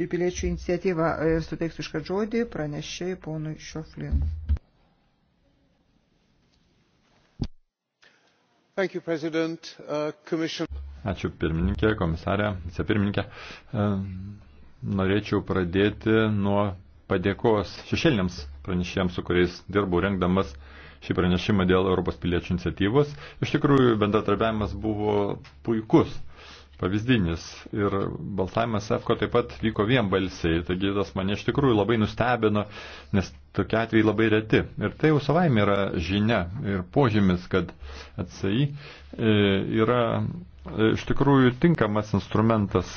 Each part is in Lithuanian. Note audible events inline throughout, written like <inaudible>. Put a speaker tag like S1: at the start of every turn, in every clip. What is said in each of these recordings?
S1: ir piliečių iniciatyvą. E, suteiksiu iškart žodį pranešėjai ponui Šioflin.
S2: You, uh,
S1: commission...
S3: Ačiū pirmininkė, komisarė, vicepirmininkė. Uh, norėčiau pradėti nuo padėkos šešėliniams pranešėjams, su kuriais dirbau rengdamas šį pranešimą dėl Europos piliečių iniciatyvos. Iš tikrųjų, bendratarbiavimas buvo puikus pavyzdinis. Ir balsavimas EFKO taip pat vyko vienbalsiai, taigi tas mane iš tikrųjų labai nustebino, nes tokie atvejai labai reti. Ir tai jau savaime yra žinia ir požymis, kad atsai e, yra e, iš tikrųjų tinkamas instrumentas,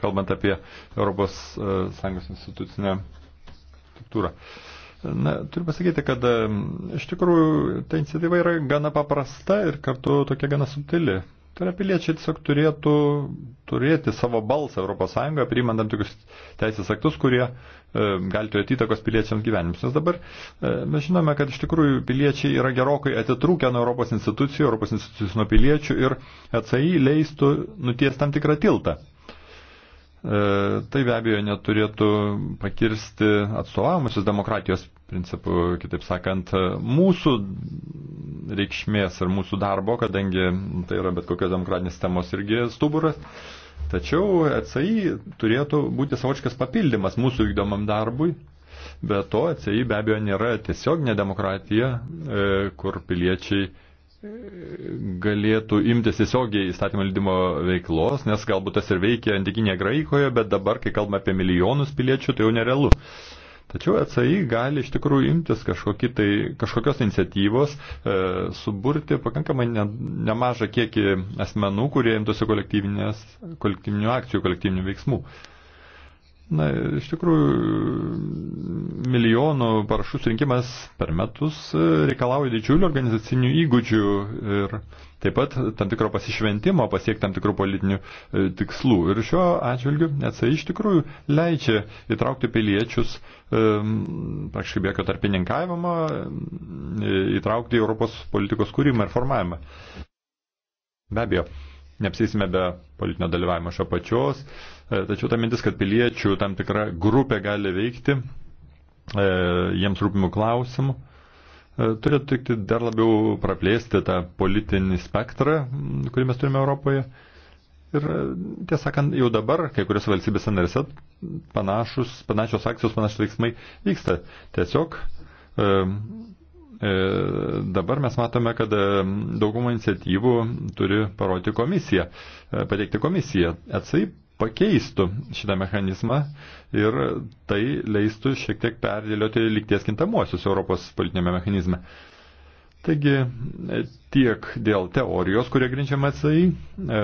S3: kalbant apie ES e, institucinę struktūrą. Na, turiu pasakyti, kad iš tikrųjų ta iniciatyva yra gana paprasta ir kartu tokia gana subtili. Tai yra piliečiai tiesiog turėtų turėti savo balsą ES, priimant tam tikrus teisės aktus, kurie e, gali turėti įtakos piliečiams gyvenimus. Nes dabar e, mes žinome, kad iš tikrųjų piliečiai yra gerokai atitrūkę nuo Europos institucijų, Europos institucijų nuo piliečių ir atsai leistų nuties tam tikrą tiltą. E, tai be abejo neturėtų pakirsti atstovavimusios demokratijos principų, kitaip sakant, mūsų reikšmės ir mūsų darbo, kadangi tai yra bet kokios demokratinės temos irgi stuburas. Tačiau ECI turėtų būti savočkas papildymas mūsų vykdomam darbui. Be to, ECI be abejo nėra tiesioginė demokratija, e, kur piliečiai e, galėtų imtis tiesiogiai įstatymo leidimo veiklos, nes galbūt tas ir veikia antikinėje Graikoje, bet dabar, kai kalbame apie milijonus piliečių, tai jau nerealu. Uh, Tačiau ECI gali iš tikrųjų imtis tai, kažkokios iniciatyvos, e, suburti pakankamai ne, nemažą kiekį asmenų, kurie imtųsi kolektyvinių akcijų, kolektyvinių veiksmų. Na, iš tikrųjų, milijonų parašų surinkimas per metus e, reikalauja didžiulių organizacinių įgūdžių ir taip pat tam tikro pasišventimo pasiekti tam tikrų politinių e, tikslų. Ir šiuo atžvilgiu ECA iš tikrųjų leidžia įtraukti piliečius, e, praktiškai be jokio tarpininkavimo, e, įtraukti į Europos politikos kūrimą ir formavimą. Be abejo, neapsėsime be politinio dalyvavimo šio pačios, tačiau ta mintis, kad piliečių tam tikra grupė gali veikti jiems rūpimų klausimų E, turėtų tikti dar labiau praplėsti tą politinį spektrą, kurį mes turime Europoje. Ir e, tiesąkant, jau dabar kai kurios valstybės narėse panašus, panašios akcijos, panašus veiksmai vyksta. Tiesiog e, e, dabar mes matome, kad e, daugumą iniciatyvų turi parodyti komisija, e, pateikti komisiją. ECAI pakeistų šitą mechanizmą ir tai leistų šiek tiek perdėlioti likties kintamuosius Europos politinėme mechanizme. Taigi tiek dėl teorijos, kurie grinčiama atsai. E,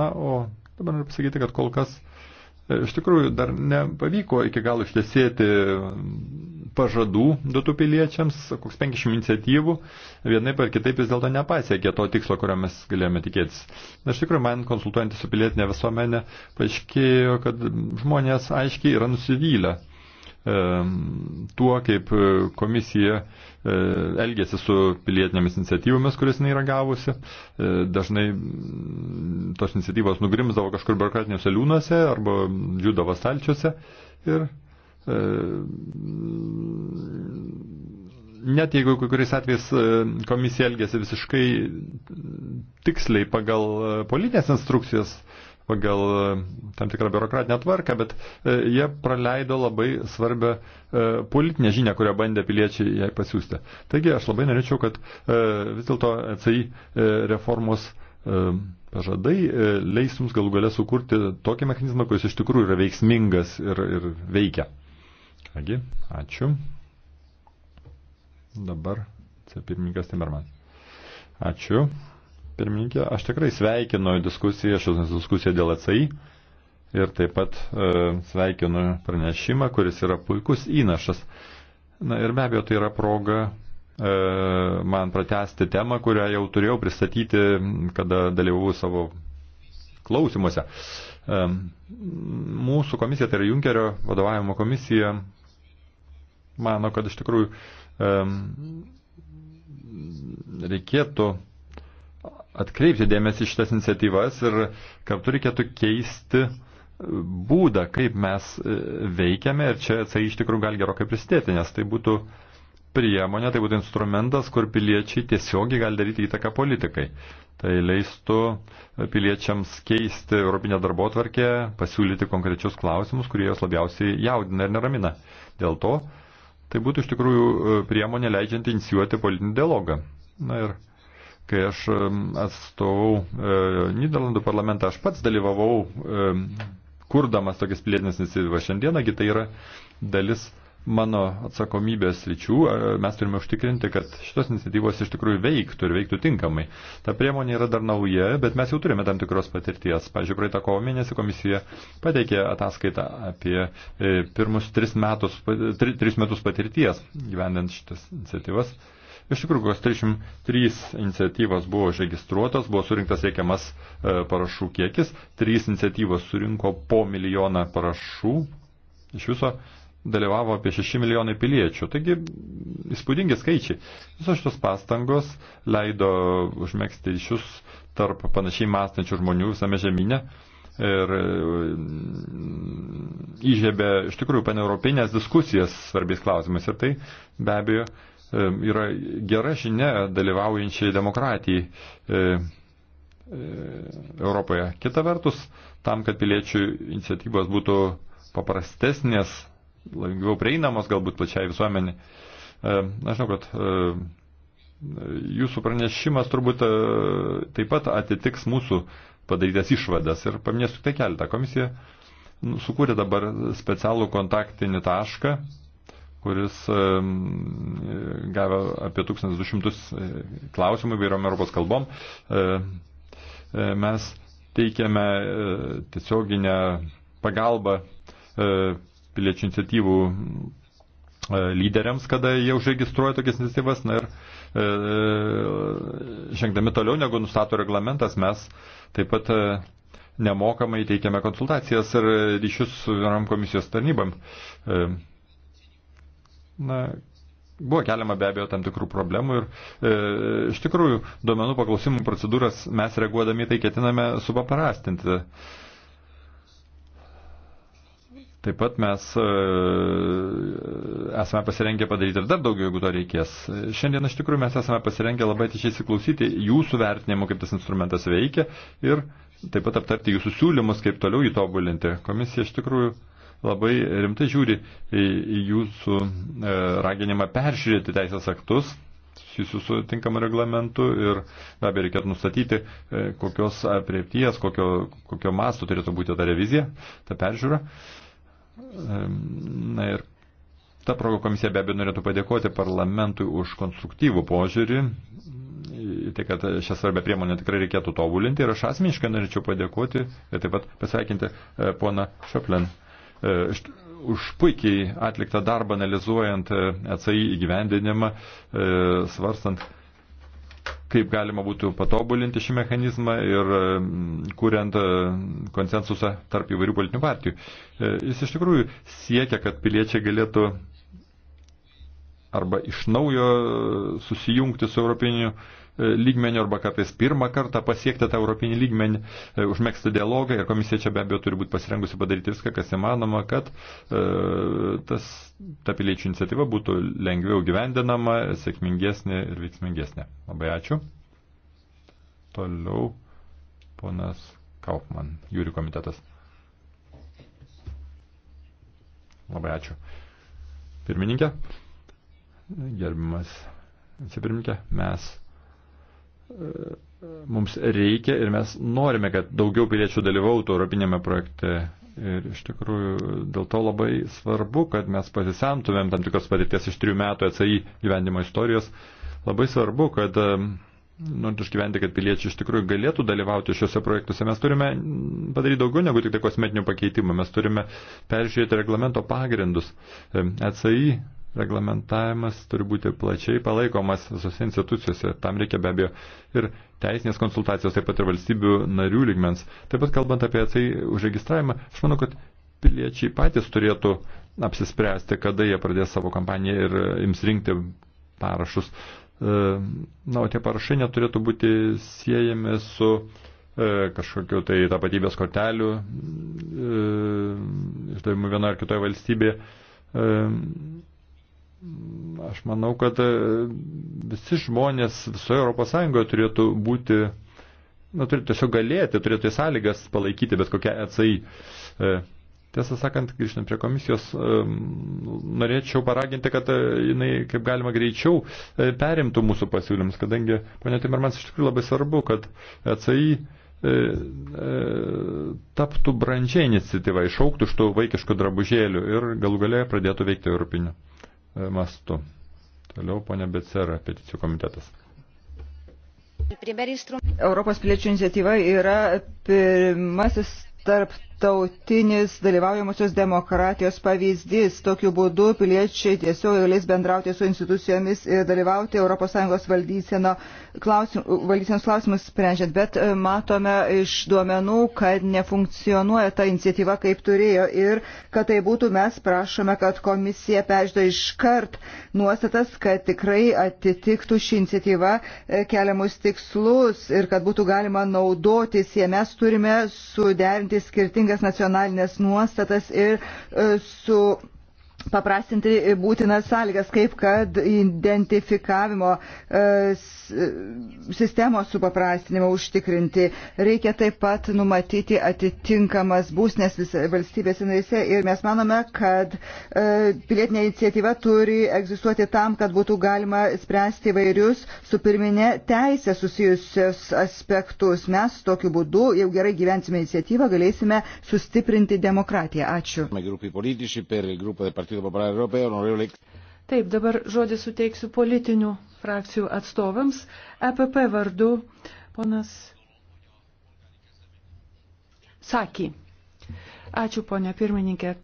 S3: na, o dabar noriu pasakyti, kad kol kas e, iš tikrųjų dar nepavyko iki galo ištesėti pažadų duotų piliečiams, koks 50 iniciatyvų, vienaip ar kitaip vis dėlto nepasiekė to tikslo, kurio mes galėjome tikėtis. Na, iš tikrųjų, man konsultuojantį su pilietinė visuomenė paaiškėjo, kad žmonės aiškiai yra nusivylę e, tuo, kaip komisija e, elgėsi su pilietinėmis iniciatyvomis, kuris jinai yra gavusi. E, dažnai mm, tos iniciatyvos nugrimzdavo kažkur biurokratiniuose liūnuose arba džiūdavo stalčiuose. Ir E, net jeigu kai kuriais atvejais e, komisija elgėsi visiškai tiksliai pagal e, politinės instrukcijas, pagal tam tikrą biurokratinę tvarką, bet jie praleido labai svarbę politinę žinią, kurią bandė piliečiai jai pasiūsti. Taigi aš labai norėčiau, kad vis dėlto CI reformos pažadai leis jums galų galę sukurti tokį mechanizmą, kuris iš tikrųjų yra veiksmingas ir, ir veikia. Kągi, ačiū. Dabar pirmininkas Timerman. Ačiū. Pirmininkė, aš tikrai sveikinu diskusiją, šios diskusiją dėl atsai ir taip pat e, sveikinu pranešimą, kuris yra puikus įnašas. Na ir be abejo, tai yra proga e, man pratesti temą, kurią jau turėjau pristatyti, kada dalyvau savo klausimuose. E, mūsų komisija, tai yra Junkerio vadovavimo komisija, mano, kad iš tikrųjų um, reikėtų atkreipti dėmesį šitas iniciatyvas ir kartu reikėtų keisti būdą, kaip mes e, veikiame ir čia tai iš tikrųjų gali gerokai prisidėti, nes tai būtų priemonė, tai būtų instrumentas, kur piliečiai tiesiogiai gali daryti įtaką politikai. Tai leistų piliečiams keisti Europinę darbo tvarkę, pasiūlyti konkrečius klausimus, kurie jos labiausiai jaudina ir neramina. Dėl to Tai būtų iš tikrųjų e, priemonė leidžianti inicijuoti politinį dialogą. Na ir kai aš e, atstovau e, Niderlandų parlamentą, aš pats dalyvavau e, kurdamas tokias pilietinės iniciatyvas. Šiandieną tai yra dalis mano atsakomybės lyčių, mes turime užtikrinti, kad šitos iniciatyvos iš tikrųjų veiktų ir veiktų tinkamai. Ta priemonė yra dar nauja, bet mes jau turime tam tikros patirties. Pavyzdžiui, praeitą kovo mėnesį komisija pateikė ataskaitą apie e, pirmus tris metus, tri, tris metus patirties gyvendant šitas iniciatyvas. Iš tikrųjų, kos 303 iniciatyvos buvo užregistruotos, buvo surinktas reikiamas e, parašų kiekis, trys iniciatyvos surinko po milijoną parašų, iš viso dalyvavo apie 6 milijonai piliečių. Taigi įspūdingi skaičiai. Visos šitos pastangos leido užmėgsti ryšius tarp panašiai mąstančių žmonių visame žemynė ir mm, įžiebė iš tikrųjų paneuropinės diskusijas svarbiais klausimais. Ir tai be abejo yra gera žinia dalyvaujančiai demokratijai e, e, Europoje. Kita vertus, tam, kad piliečių iniciatyvos būtų paprastesnės, lengviau prieinamos galbūt plačiai visuomenį. E, na, žinau, kad e, jūsų pranešimas turbūt e, taip pat atitiks mūsų padarytas išvadas ir paminėsiu tai keletą. Komisija nu, sukūrė dabar specialų kontaktinį tašką kuris gavo apie 1200 klausimų įvairiom Europos kalbom. Mes teikiame tiesioginę pagalbą piliečių iniciatyvų e, lyderiams, kada jie užregistruoja tokias iniciatyvas. Na ir e, žengdami toliau, negu nustato reglamentas, mes taip pat e, nemokamai teikiame konsultacijas ir ryšius su vienam komisijos tarnybam. E, na, Buvo keliama be abejo tam tikrų problemų ir e, iš tikrųjų duomenų paklausimų procedūras mes reaguodami tai ketiname supaprastinti. E, Taip pat mes e, esame pasirengę padaryti ir dar daugiau, jeigu to reikės. Šiandien iš tikrųjų mes esame pasirengę labai atidžiai įsiklausyti jūsų vertinimų, kaip tas instrumentas veikia ir taip pat aptarti jūsų siūlymus, kaip toliau jį tobulinti. Komisija iš tikrųjų labai rimtai žiūri į jūsų e, raginimą peržiūrėti teisės aktus susijusių su tinkamu reglamentu ir be abejo reikėtų nustatyti, e, kokios apriepties, kokio, kokio masto turėtų būti ta revizija, ta peržiūra. Uh, Na ir ta proga komisija be abejo norėtų padėkoti parlamentui už konstruktyvų požiūrį, tai kad šią svarbę priemonę tikrai reikėtų tobulinti ir aš asmeniškai norėčiau padėkoti ir taip pat pasveikinti e, poną Šoplin e, už puikiai atliktą darbą analizuojant ECI e įgyvendinimą, svarstant kaip galima būtų patobulinti šį mechanizmą ir e, kuriant e, konsensusą tarp įvairių politinių partijų. E, jis iš tikrųjų siekia, kad piliečiai galėtų arba iš naujo e, susijungti su europiniu e, lygmeniu arba kartais pirmą kartą pasiekti tą europinį lygmenį, e, užmėgsti dialogą ir komisija čia be abejo turi būti pasirengusi padaryti viską, kas įmanoma, kad tas, ta piliečių iniciatyva būtų lengviau gyvendinama, sėkmingesnė ir veiksmingesnė. Labai ačiū. Toliau ponas Kaufman, jūrių komitetas. Labai ačiū. Pirmininkė gerbimas vicepirmininkė, mes e, mums reikia ir mes norime, kad daugiau piliečių dalyvautų Europinėme projekte. Ir iš tikrųjų dėl to labai svarbu, kad mes pasisemtumėm tam tikros patirties iš trijų metų atsai e gyvenimo istorijos. Labai svarbu, kad e, norint išgyventi, kad piliečiai iš tikrųjų galėtų dalyvauti šiuose projektuose, mes turime padaryti daugiau negu tik tai kosmetinių pakeitimų. Mes turime peržiūrėti reglamento pagrindus. ECI reglamentavimas turi būti plačiai palaikomas visose institucijose. Tam reikia be abejo ir teisinės konsultacijos, taip pat ir valstybių narių lygmens. Taip pat kalbant apie tai užregistravimą, aš manau, kad piliečiai patys turėtų apsispręsti, kada jie pradės savo kampaniją ir ims rinkti parašus. E, na, o tie parašai neturėtų būti siejami su e, kažkokiu tai tapatybės kortelių e, išdavimu vienoje ar kitoje valstybėje Mm, aš manau, kad e, visi žmonės visoje Europos Sąjungoje turėtų būti, na, turėtų tiesiog galėti, turėtų sąlygas palaikyti bet kokią ECI. E, tiesą sakant, grįžtant prie komisijos, e, norėčiau paraginti, kad jinai kaip galima greičiau perimtų mūsų pasiūlymus, kadangi, ponė Timermans, iš tikrųjų labai svarbu, kad ECI taptų brandžiai iniciatyva, išauktų iš tų vaikiškų drabužėlių ir galų galėje pradėtų veikti europiniu mastu. Toliau ponia Becera, peticijų komitetas.
S1: Europos piliečių iniciatyva yra pirmasis tarptautinis dalyvaujamosios demokratijos pavyzdys. Tokiu būdu piliečiai tiesiog galės bendrauti su institucijomis ir dalyvauti ES valdyseno klausim, valdysenos klausimus sprendžiant, bet e, matome iš duomenų, kad nefunkcionuoja ta iniciatyva kaip turėjo ir kad tai būtų mes prašome, kad komisija peždo iškart nuostatas, kad tikrai atitiktų ši iniciatyva e, keliamus tikslus ir kad būtų galima naudotis jie. Mes turime suderinti skirtingas nacionalinės nuostatas ir e, su paprastinti būtinas sąlygas, kaip kad identifikavimo e, sistemos supaprastinimą užtikrinti. Reikia taip pat numatyti atitinkamas būsnės valstybės narėse ir mes manome, kad e, pilietinė iniciatyva turi egzistuoti tam, kad būtų galima spręsti vairius su pirminė teisė susijusios aspektus. Mes tokiu būdu, jau gerai gyvensime iniciatyvą, galėsime sustiprinti demokratiją. Ačiū.
S3: Taip,
S2: dabar žodį suteiksiu politinių frakcijų atstovams. EPP vardu ponas Saki. Ačiū, ponia pirmininkė,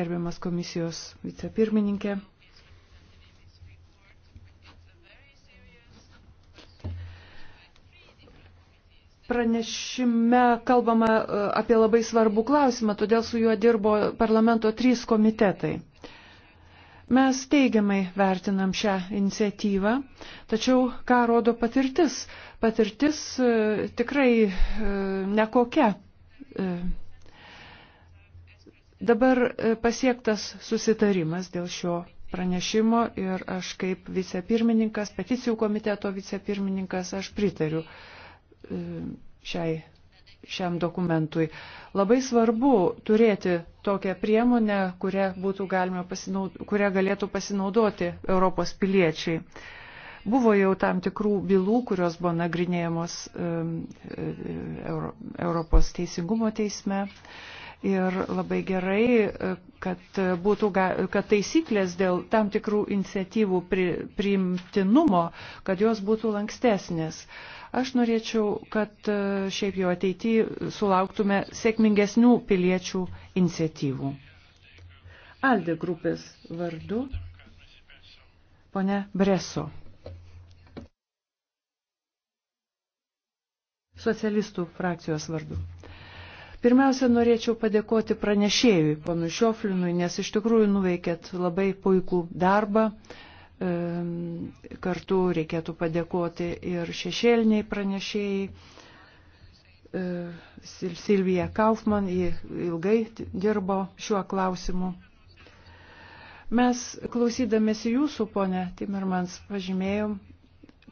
S2: gerbiamas komisijos vicepirmininkė. Pranešime kalbama e, apie labai svarbų klausimą, todėl su juo dirbo parlamento trys komitetai. Mes teigiamai vertinam šią iniciatyvą, tačiau ką rodo patirtis? Patirtis e, tikrai e, nekokia. Dabar pasiektas susitarimas dėl šio pranešimo ir aš kaip vicepirmininkas, peticijų komiteto vicepirmininkas, aš pritariu uh, E, šiai, šiam dokumentui. Labai svarbu turėti tokią priemonę, kurią, pasinaud... kurią galėtų pasinaudoti Europos piliečiai. Buvo jau tam tikrų bylų, kurios buvo nagrinėjamos e, e, Euro, Europos teisingumo teisme. Ir labai gerai, kad, būtų, kad taisyklės dėl tam tikrų iniciatyvų pri, priimtinumo, kad jos būtų lankstesnės. Uh, Aš norėčiau, kad e, šiaip jau ateityje sulauktume sėkmingesnių piliečių iniciatyvų. Aldi grupės vardu. Pone Breso. Socialistų frakcijos vardu. Pirmiausia, norėčiau padėkoti pranešėjui, ponu Šioflinui, nes iš tikrųjų nuveikėt labai puikų darbą, Kartu reikėtų padėkoti ir šešėliniai pranešėjai. E, Silvija Kaufman, ji ilgai dirbo šiuo klausimu. Mes klausydamėsi jūsų, ponė Timirmans, pažymėjom,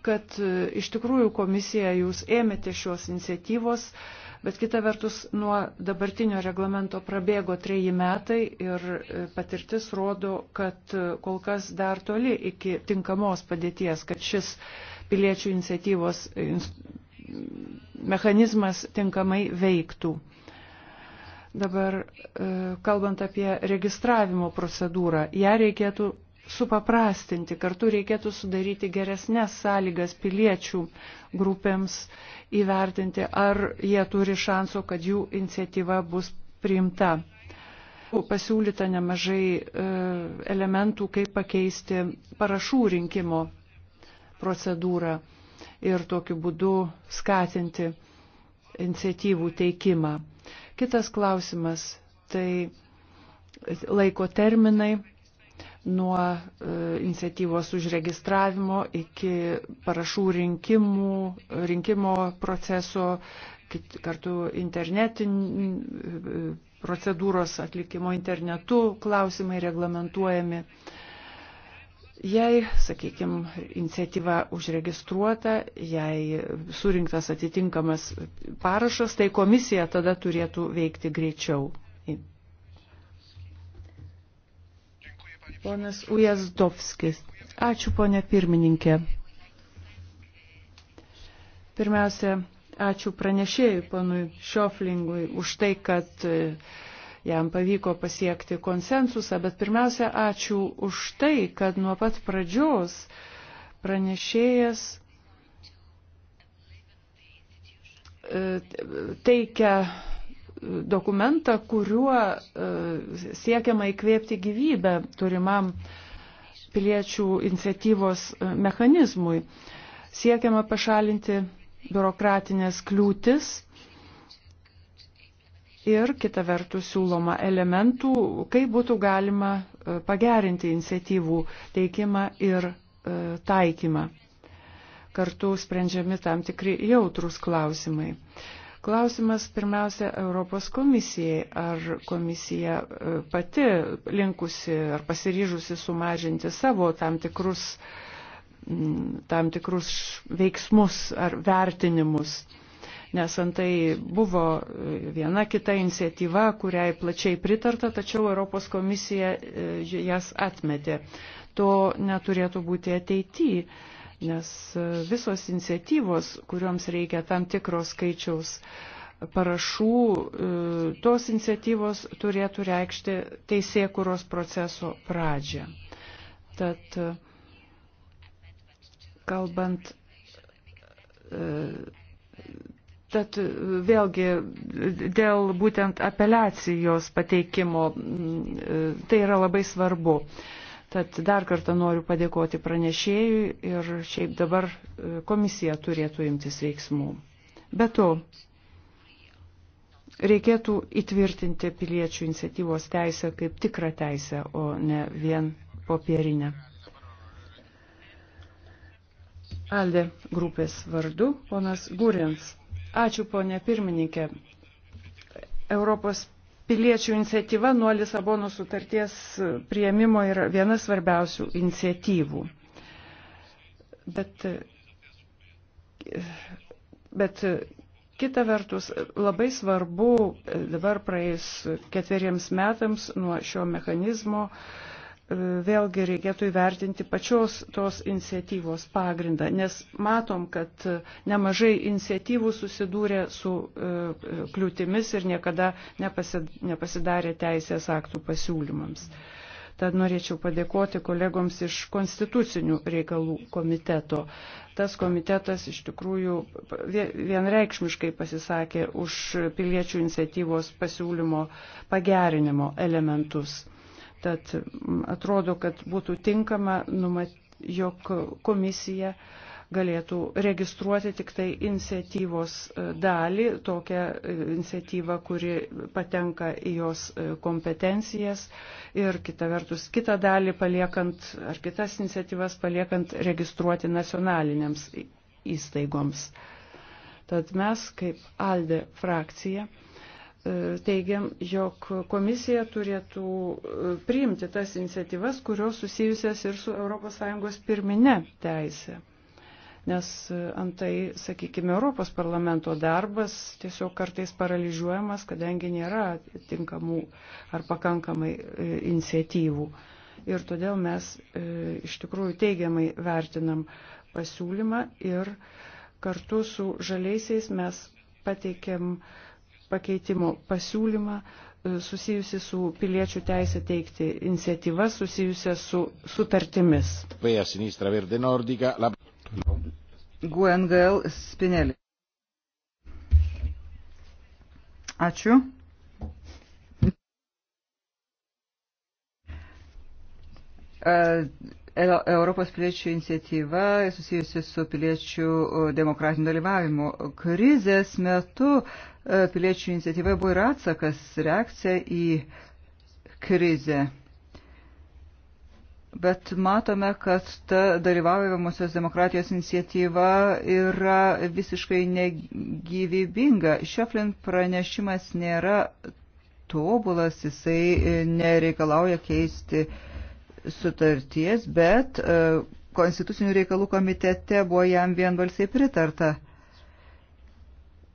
S2: kad e, iš tikrųjų komisija jūs ėmėte šios iniciatyvos, uh, Bet kita vertus, nuo dabartinio reglamento prabėgo treji metai ir e, patirtis rodo, kad e, kol kas dar toli iki tinkamos padėties, kad šis piliečių iniciatyvos e, mechanizmas tinkamai veiktų. Dabar, kalbant apie registravimo procedūrą, ją reikėtų supaprastinti, kartu reikėtų sudaryti geresnės sąlygas piliečių grupėms įvertinti, ar jie turi šansų, kad jų iniciatyva bus priimta. Pasiūlyta nemažai e, elementų, kaip pakeisti parašų rinkimo procedūrą ir tokiu būdu skatinti iniciatyvų teikimą. Kitas klausimas - tai laiko terminai nuo e, iniciatyvos užregistravimo iki parašų rinkimų, rinkimo proceso, kartu internetin, e, procedūros atlikimo internetu klausimai reglamentuojami. Jei, sakykime, iniciatyva užregistruota, jei surinktas atitinkamas parašas, tai komisija tada turėtų veikti greičiau. Ponas Ujazdovskis. Ačiū, ponė pirmininkė. Pirmiausia, ačiū pranešėjui, ponui Šioflingui, už tai, kad e, jam pavyko pasiekti konsensusą, bet pirmiausia, ačiū už tai, kad nuo pat pradžios pranešėjas e, teikia dokumentą, kuriuo e, siekiama įkvėpti gyvybę turimam piliečių iniciatyvos e, mechanizmui. Siekiama pašalinti biurokratinės kliūtis ir kita vertus siūloma elementų, kaip būtų galima e, pagerinti iniciatyvų teikimą ir taikymą. Kartu sprendžiami tam tikri jautrus klausimai. Klausimas pirmiausia Europos komisijai. Ar komisija e, pati linkusi ar pasiryžusi sumažinti savo tam tikrus, tam tikrus veiksmus ar vertinimus? Nes antai buvo e, viena kita iniciatyva, kuriai plačiai pritarta, tačiau Europos komisija e, jas atmetė. To neturėtų būti ateityje nes e, visos iniciatyvos, kuriuoms reikia tam tikros skaičiaus parašų, e, tos iniciatyvos turėtų reikšti teisėkuros proceso pradžią. Tad e, kalbant Tad vėlgi dėl būtent apeliacijos pateikimo tai yra labai svarbu. Tad dar kartą noriu padėkoti pranešėjui ir šiaip dabar e, komisija turėtų imtis veiksmų. Be to, reikėtų įtvirtinti piliečių iniciatyvos teisę kaip tikrą teisę, o ne vien popierinę. Alde grupės vardu, ponas Gurins. Ačiū, ponė pirmininkė. Europos piliečių iniciatyva nuo Lisabono sutarties prieimimo yra viena svarbiausių iniciatyvų. Bet, bet kita vertus, labai svarbu dabar praėjus ketveriems metams nuo šio mechanizmo uh, vėlgi reikėtų įvertinti pačios tos iniciatyvos pagrindą, nes matom, kad nemažai iniciatyvų susidūrė su e, kliūtimis ir niekada nepasidarė teisės aktų pasiūlymams. Tad norėčiau padėkoti kolegoms iš konstitucinių reikalų komiteto. Tas komitetas iš tikrųjų vienreikšmiškai pasisakė už piliečių iniciatyvos pasiūlymo pagerinimo elementus. Tad atrodo, kad būtų tinkama, numat, jog komisija galėtų registruoti tik tai iniciatyvos e, dalį, tokią e, iniciatyvą, kuri patenka į jos e, kompetencijas ir kita vertus kitą dalį paliekant ar kitas iniciatyvas paliekant registruoti nacionaliniams įstaigoms. Tad mes kaip ALDE frakcija E, teigiam, jog komisija turėtų e, priimti tas iniciatyvas, kurios susijusias ir su ES pirminė teisė. Nes e, antai, sakykime, Europos parlamento darbas tiesiog kartais paralyžiuojamas, kadangi nėra tinkamų ar pakankamai iniciatyvų. Ir todėl mes iš tikrųjų teigiamai vertinam pasiūlymą ir kartu su žaliaisiais mes pateikėm uh, pakeitimų pasiūlymą e, susijusi su piliečių teisė teikti iniciatyvas susijusią su sutartimis. Guengel Spinelį.
S1: Ačiū. E, Europos piliečių iniciatyva susijusi su piliečių demokratiniu dalyvavimu. Krizės metu e, piliečių iniciatyva buvo ir atsakas, reakcija į krizę. Bet matome, kad ta dalyvaujamosios demokratijos iniciatyva yra visiškai negyvybinga. Šioflin pranešimas nėra tobulas, jisai nereikalauja keisti uh, sutarties, bet e, Konstitucinių reikalų komitete buvo jam vienbalsiai pritarta.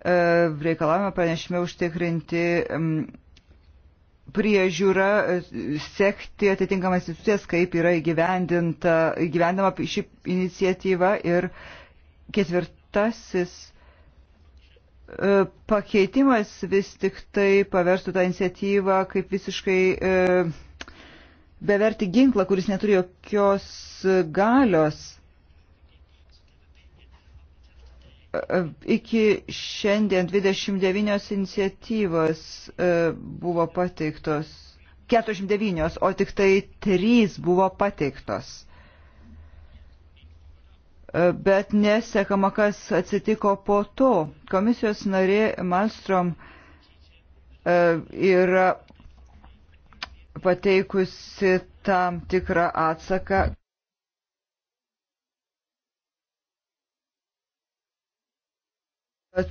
S1: E, reikalavimą pranešime užtikrinti priežiūrą, e, sekti atitinkamas institucijas, kaip yra įgyvendama ši iniciatyva ir ketvirtasis pakeitimas vis tik tai paverstų tą iniciatyvą kaip visiškai beverti ginklą, kuris neturi jokios galios. Iki šiandien 29 iniciatyvos e, buvo pateiktos, 49, o tik tai 3 buvo pateiktos e, bet nesekama, kas atsitiko po to. Komisijos narė Malstrom e, yra pateikusi tam tikrą atsaką.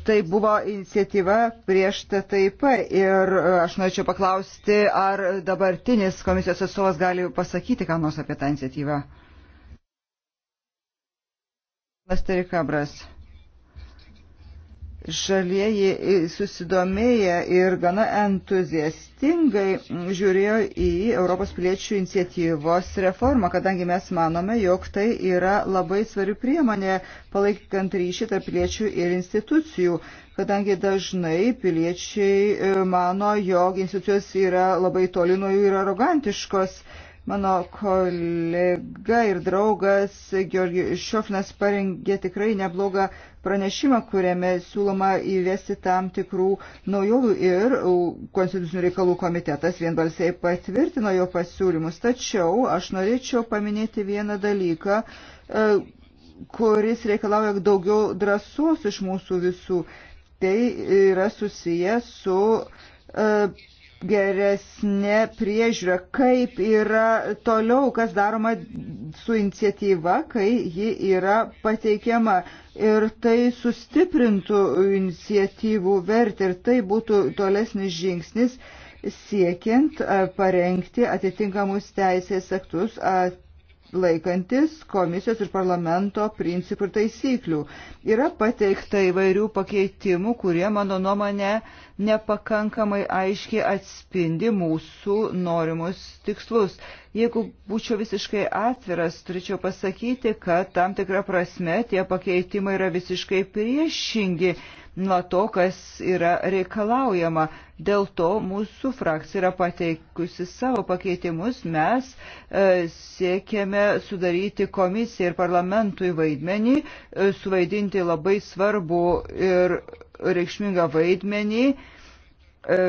S1: Tai buvo iniciatyva prieš TTIP ir e, aš norėčiau paklausti, ar dabartinis komisijos atstovas gali pasakyti, ką nors apie tą iniciatyvą. Lasterikabras žalieji susidomėję ir gana entuziastingai žiūrėjo į Europos piliečių iniciatyvos reformą, kadangi mes manome, jog tai yra labai svarbi priemonė palaikant ryšį tarp piliečių ir institucijų, kadangi dažnai piliečiai e, mano, jog institucijos yra labai toli nuo jų ir arogantiškos Mano kolega ir draugas Georgijus Šioflinas parengė tikrai neblogą pranešimą, kuriame siūloma įvesti tam tikrų naujovių ir Konstitucinių reikalų komitetas vienbalsiai patvirtino jo pasiūlymus. Tačiau aš norėčiau paminėti vieną dalyką, e, kuris reikalauja daugiau drąsos iš mūsų visų. Tai yra susijęs su e, geresnė priežiūra, kaip yra toliau, kas daroma su iniciatyva, kai ji yra pateikiama. Ir tai sustiprintų iniciatyvų vertę ir tai būtų tolesnis žingsnis siekiant parengti atitinkamus teisės aktus, at laikantis komisijos ir parlamento principų ir taisyklių. Yra pateikta įvairių pakeitimų, kurie, mano nuomonė, nepakankamai aiškiai atspindi mūsų norimus tikslus. Jeigu būčiau visiškai atviras, turėčiau pasakyti, kad tam tikrą prasme tie pakeitimai yra visiškai priešingi nuo to, kas yra reikalaujama. Dėl to mūsų frakcija yra pateikusi savo pakeitimus. Mes e, siekiame sudaryti komisiją ir parlamentui vaidmenį, e, suvaidinti labai svarbu ir reikšmingą vaidmenį e,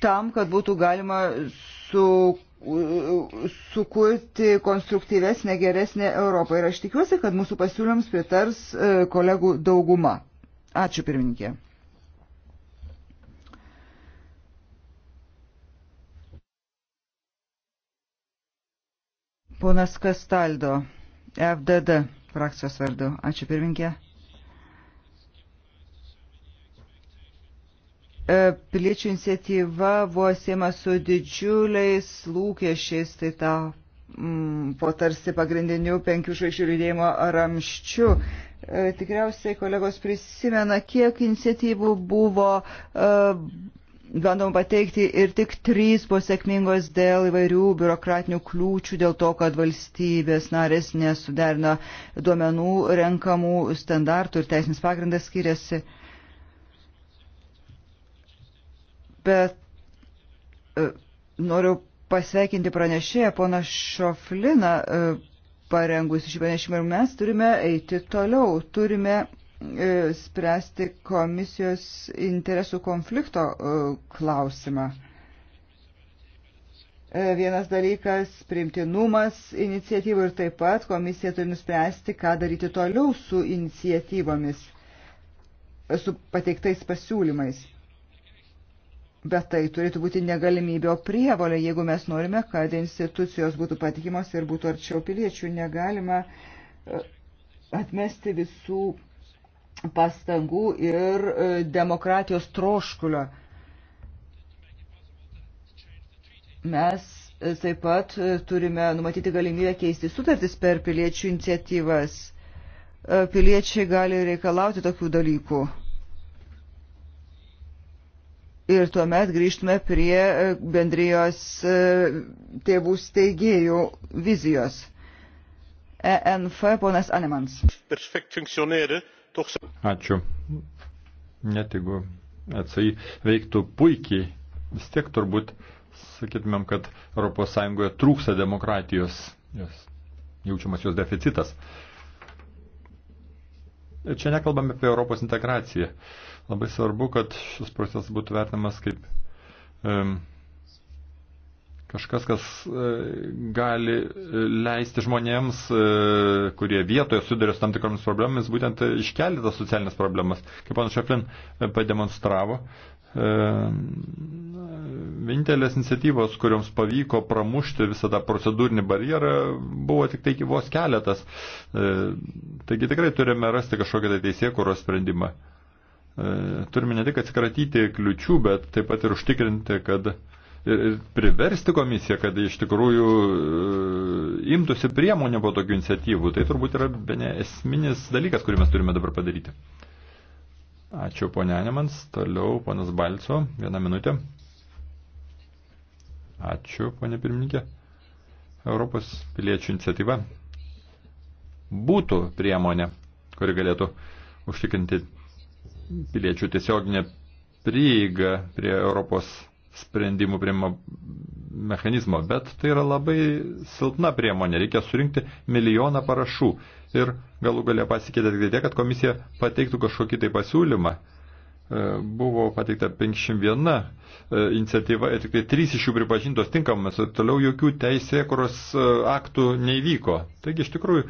S1: tam, kad būtų galima su e, sukurti konstruktyvesnę, geresnę Europą. Ir aš tikiuosi, kad mūsų pasiūlymams pritars e, kolegų dauguma. Ačiū pirmininkė. Ponas Kastaldo, FDD frakcijos vardu. Ačiū pirminkė. E, piliečių iniciatyva buvo siema su didžiuliais lūkesčiais, tai ta mm, po tarsi pagrindiniu penkių žvaigždžių judėjimo ramščiu. E, tikriausiai kolegos prisimena, kiek iniciatyvų buvo e, bandom pateikti ir tik trys buvo sėkmingos dėl įvairių biurokratinių kliūčių, dėl to, kad valstybės narės nesuderina duomenų renkamų standartų ir teisinis pagrindas skiriasi. Bet e, noriu pasveikinti pranešėją, pona Šofliną. E, parengusi šį pranešimą ir mes turime eiti toliau, turime e, spręsti komisijos interesų konflikto e, klausimą. E, vienas dalykas - primtinumas iniciatyvų ir taip pat komisija turi nuspręsti, ką daryti toliau su iniciatyvomis, su pateiktais pasiūlymais. Bet tai turėtų būti negalimybė, o prievalė, jeigu mes norime, kad institucijos būtų patikimos ir būtų arčiau piliečių. Negalima e, atmesti visų pastangų ir e, demokratijos troškulio. Mes e, taip pat turime numatyti galimybę keisti sutartis per piliečių iniciatyvas. Piliečiai gali reikalauti tokių dalykų ir tuomet grįžtume prie e, bendrijos e, tėvų steigėjų vizijos. ENF, ponas Anemans.
S3: Ačiū. Net jeigu atsai veiktų puikiai, vis tiek turbūt sakytumėm, kad ES trūksa demokratijos, jos, jaučiamas jos deficitas. Ir čia nekalbame apie Europos integraciją. Uh, Labai svarbu, kad šis procesas būtų vertinamas kaip um, kažkas, kas e, gali e, leisti žmonėms, e, kurie vietoje sudarė su tam tikromis problemomis, būtent iškelti tas socialinės problemas. Kaip pan Šeflin pademonstravo, vienintelės iniciatyvos, kuriuoms pavyko pramušti visą tą procedūrinį barjerą, buvo tik tai vos keletas. Taigi tikrai turime rasti kažkokią tai teisėkuros sprendimą. E, turime ne tik atsikratyti kliučių, bet taip pat ir užtikrinti, kad ir, ir priversti komisiją, kad iš tikrųjų e, imtųsi priemonių po tokių iniciatyvų. Tai turbūt yra bene esminis dalykas, kurį mes turime dabar padaryti. Ačiū ponia Anemans, toliau ponas Balco, vieną minutę. Ačiū ponia pirmininkė. Europos piliečių iniciatyva būtų priemonė, kuri galėtų užtikrinti piliečių tiesioginę prieigą prie Europos sprendimų priima mechanizmo, bet tai yra labai silpna priemonė. Reikia surinkti milijoną parašų ir galų galia pasikeitė tik tiek, kad komisija pateiktų kažkokį tai pasiūlymą. E, buvo pateikta 501 e, iniciatyva ir tik tai 3 iš jų pripažintos tinkamas, toliau jokių teisėkuros e, aktų nevyko. Taigi iš tikrųjų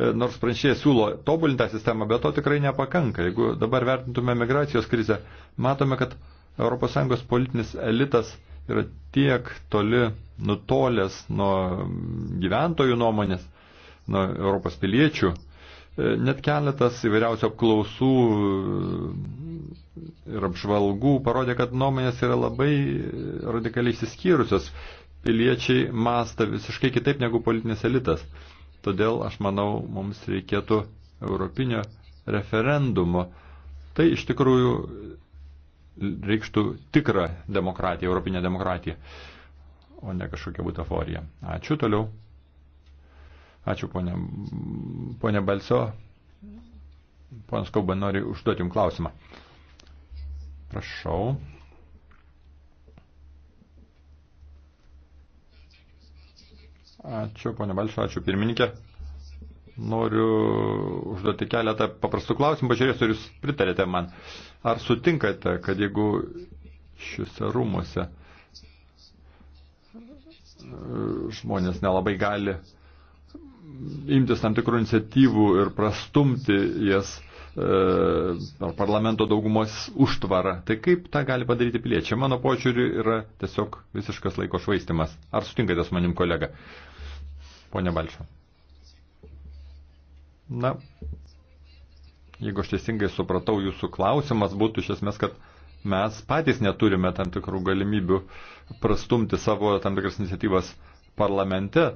S3: E, nors pranešėjai siūlo tobulintą sistemą, bet to tikrai nepakanka. Jeigu dabar vertintume migracijos krizę, matome, kad ES politinis elitas yra tiek toli nutolęs nuo gyventojų nuomonės, nuo Europos piliečių. E, net keletas įvairiausių apklausų ir apžvalgų parodė, kad nuomonės yra labai radikaliai išsiskyrusios. Piliečiai masta visiškai kitaip negu politinis elitas. Todėl aš manau, mums reikėtų europinio referendumo. Tai iš tikrųjų reikštų tikrą demokratiją, europinę demokratiją, o ne kažkokią butaforiją. Ačiū toliau. Ačiū, ponė, ponė Balso. Ponas Kauba nori užduoti jums klausimą. Prašau. Ačiū, ponė Balšo, ačiū pirmininkė. Noriu užduoti keletą paprastų klausimų, pažiūrėsiu, ar jūs pritarėte man. Ar sutinkate, kad jeigu šiuose rūmuose e, žmonės nelabai gali imtis tam tikrų iniciatyvų ir prastumti jas E, ar parlamento daugumos užtvarą. Tai kaip tą gali padaryti piliečiai? Mano požiūriu yra tiesiog visiškas laiko švaistimas. Ar sutinkate su manim kolega? Pone Balčio. Na, jeigu aš teisingai supratau, jūsų klausimas būtų iš esmės, kad mes patys neturime tam tikrų galimybių prastumti savo tam tikras iniciatyvas parlamente.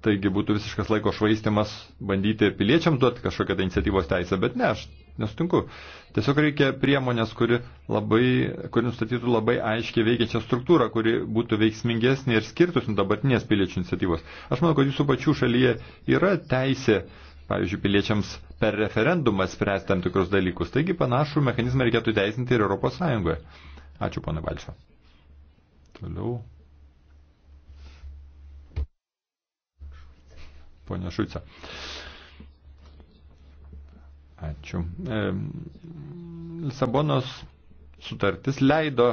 S3: Taigi būtų visiškas laiko švaistimas bandyti piliečiams duoti kažkokią tai iniciatyvos teisę, bet ne, aš nesutinku. Tiesiog reikia priemonės, kuri, labai, kuri nustatytų labai aiškiai veikiančią struktūrą, kuri būtų veiksmingesnė ir skirtųsi nuo dabartinės piliečių iniciatyvos. Aš manau, kad jūsų pačių šalyje yra teisė, pavyzdžiui, piliečiams per referendumą spręsti tam tikrus dalykus. Taigi panašų mechanizmą reikėtų teisinti ir Europos Sąjungoje. Ačiū, pana Valčio. Toliau. Pone Šuica. Ačiū. E, Lisabonos sutartis leido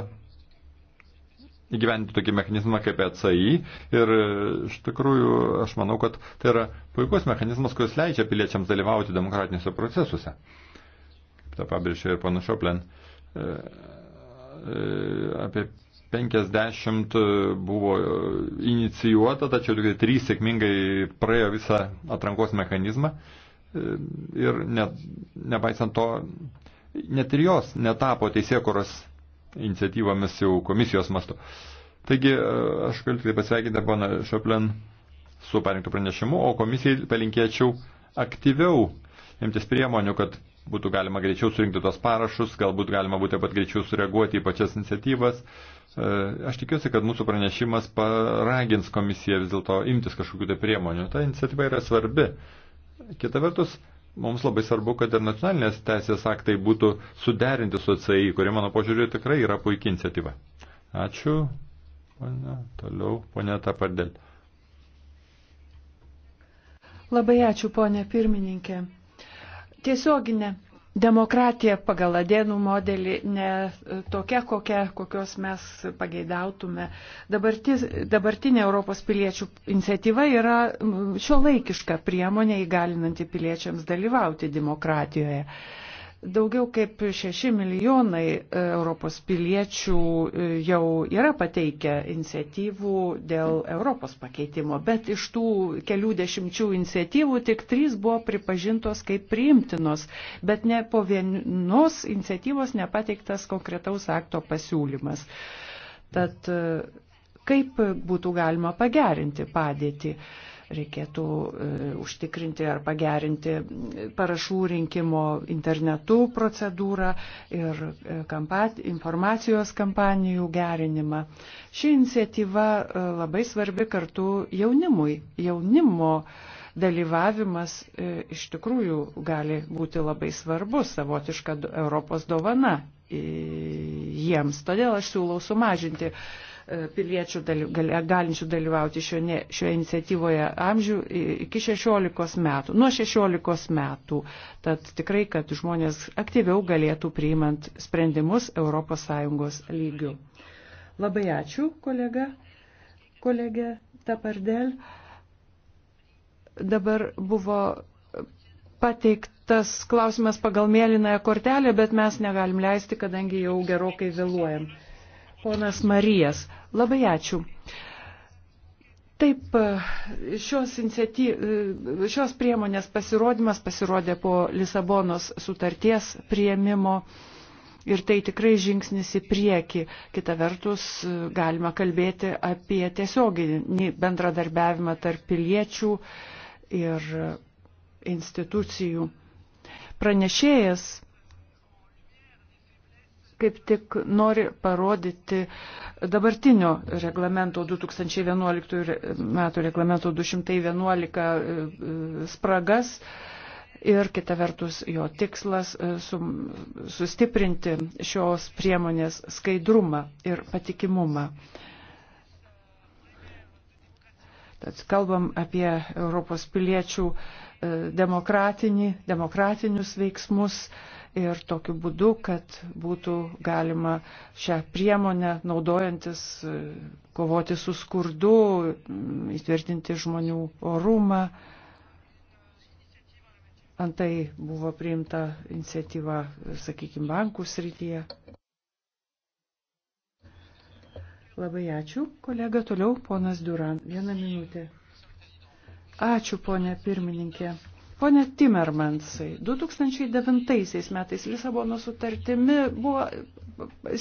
S3: įgyventi tokį mechanizmą kaip ECI ir e, iš tikrųjų aš manau, kad tai yra puikus mechanizmas, kuris leidžia piliečiams dalyvauti demokratiniuose procesuose. Kaip tą pabrėžė ir panašio plen. E, apie 50 buvo inicijuota, tačiau tik 3 sėkmingai praėjo visą atrankos mechanizmą ir ne, nepaisant to, net ir jos netapo teisėkuros iniciatyvomis jau komisijos mastu. Taigi aš galiu tik tai pasveikinti poną Šoplen su parinktų pranešimu, o komisijai palinkėčiau aktyviau imtis priemonių, kad būtų galima greičiau surinkti tos parašus, galbūt galima būtų pat greičiau sureaguoti į pačias iniciatyvas. E, aš tikiuosi, kad mūsų pranešimas paragins komisiją vis dėlto imtis kažkokių tai priemonių. Ta iniciatyva yra svarbi. Kita vertus, mums labai svarbu, kad ir nacionalinės teisės aktai būtų suderinti su CI, kurie, mano požiūriu, tikrai yra puikia iniciatyva. Ačiū. Pane, toliau, ponė
S2: Tapardėl. Labai ačiū, ponė pirmininkė. Tiesioginė Demokratija pagal Adenų modelį ne tokia, kokia, kokios mes pageidautume. Dabartis, dabartinė Europos piliečių iniciatyva yra šio laikiška priemonė įgalinanti piliečiams dalyvauti demokratijoje. Daugiau kaip 6 milijonai e, Europos piliečių e, jau yra pateikę iniciatyvų dėl Europos pakeitimo, bet iš tų kelių dešimčių iniciatyvų tik trys buvo pripažintos kaip priimtinos, bet ne po vienos iniciatyvos nepateiktas konkretaus akto pasiūlymas. Tad e, kaip būtų galima pagerinti padėtį? reikėtų e, užtikrinti ar pagerinti parašų rinkimo internetu procedūrą ir e, informacijos kampanijų gerinimą. Ši iniciatyva e, labai svarbi kartu jaunimui, jaunimo dalyvavimas iš tikrųjų gali būti labai svarbus, savotiška Europos dovana jiems. Todėl aš siūlau sumažinti piliečių galinčių dalyvauti šioje, šioje iniciatyvoje amžių iki 16 metų, nuo 16 metų. Tad tikrai, kad žmonės aktyviau galėtų priimant sprendimus ES lygių. Labai ačiū, kolega, kolegė Tapardel. Dabar buvo pateiktas klausimas pagal mėlynąją kortelę, bet mes negalim leisti, kadangi jau gerokai vėluojam. Ponas Marijas, labai ačiū. Taip, šios, iniciaty... šios priemonės pasirodymas pasirodė po Lisabonos sutarties prieimimo ir tai tikrai žingsnis į priekį. Kita vertus, galima kalbėti apie tiesioginį bendradarbiavimą tarp piliečių ir institucijų. Pranešėjas kaip tik nori parodyti dabartinio reglamento 2011 metų reglamento 211 e, e, spragas ir kita vertus jo tikslas e, sustiprinti šios priemonės skaidrumą ir patikimumą. Tad kalbam apie Europos piliečių demokratinius veiksmus ir tokiu būdu, kad būtų galima šią priemonę naudojantis e, kovoti su skurdu, įtvirtinti žmonių orumą. Antai buvo priimta iniciatyva, e, sakykime, bankų srityje. Labai ačiū, kolega. Toliau ponas Duran. Vieną minutę. Ačiū, ponė pirmininkė. Pone Timermansai, 2009 metais Lisabono sutartimi buvo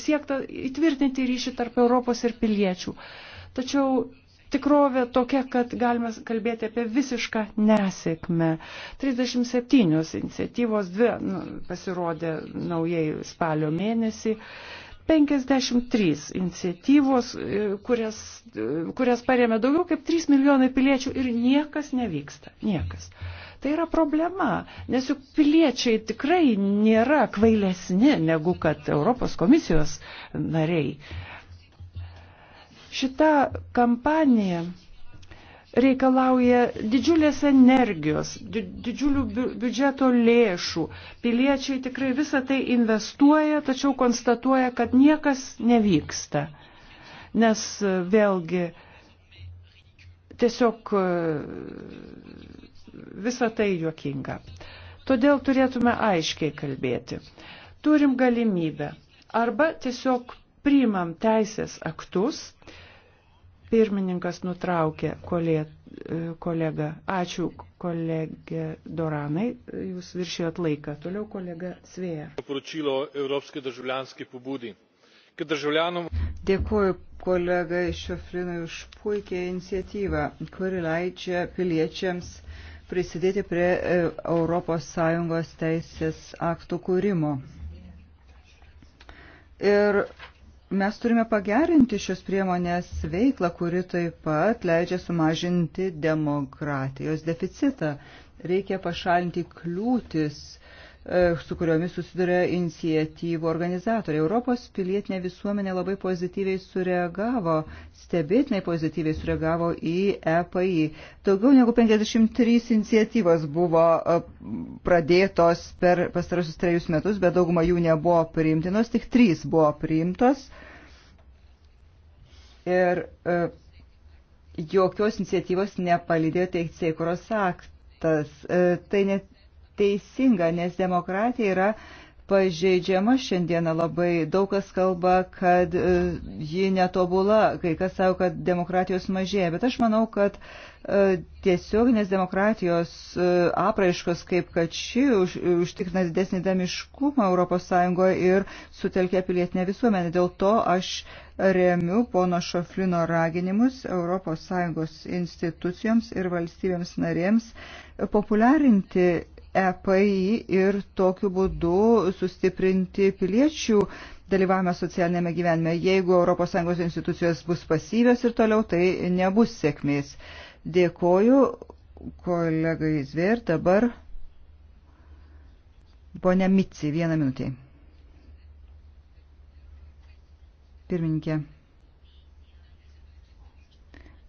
S2: siekta įtvirtinti ryšį tarp Europos ir piliečių. Tačiau tikrovė tokia, kad galime kalbėti apie visišką nesėkmę. 37 iniciatyvos dvi nu, pasirodė naujai spalio mėnesį 53 iniciatyvos, e, kurias, e, kurias paremė daugiau kaip 3 milijonai piliečių ir niekas nevyksta. Niekas. Tai yra problema, nes juk piliečiai tikrai nėra kvailesni negu kad Europos komisijos nariai. Šita kampanija reikalauja didžiulės energijos, didžiulių biudžeto lėšų. Piliečiai tikrai visą tai investuoja, tačiau konstatuoja, kad niekas nevyksta. Nes e, vėlgi tiesiog e, visą tai juokinga. Todėl turėtume aiškiai kalbėti. Turim galimybę arba tiesiog priimam teisės aktus, uh, Pirmininkas nutraukė e, kolegą. Ačiū kolegė Doranai, jūs viršijot laiką. Toliau kolega Svėja.
S1: Dėkuoju kolegai Šiofrinui už puikią iniciatyvą, kuri leidžia piliečiams prisidėti prie ES teisės aktų kūrimo. Ir Mes turime pagerinti šios priemonės veiklą, kuri taip pat leidžia sumažinti demokratijos deficitą. Reikia pašalinti kliūtis E, su kuriomis susiduria inicijatyvų organizatoriai. Europos pilietinė visuomenė labai pozityviai sureagavo, stebėtinai pozityviai sureagavo į EPI. Daugiau negu 53 inicijatyvos buvo e, pradėtos per pastarosius trejus metus, bet dauguma jų nebuvo priimtinos, tik trys buvo priimtos. Ir e, jokios inicijatyvos nepalydėjo teisėkuros aktas. Tai net teisinga, nes demokratija yra pažeidžiama šiandieną labai. Daug kas kalba, kad e, ji netobula, kai kas savo, kad demokratijos mažėja, bet aš manau, kad e, tiesioginės demokratijos e, apraiškos, kaip kad ši, užtikrina didesnį damiškumą ES ir sutelkia pilietinę visuomenę. Dėl to aš remiu pono Šoflino raginimus ES institucijoms ir valstybėms narėms populiarinti EPI ir tokiu būdu sustiprinti piliečių dalyvavimą socialinėme gyvenime. Jeigu ES institucijos bus pasyvios ir toliau, tai nebus sėkmės. Dėkoju kolegai Zver, dabar ponia Mici, vieną minutį. Pirmininkė.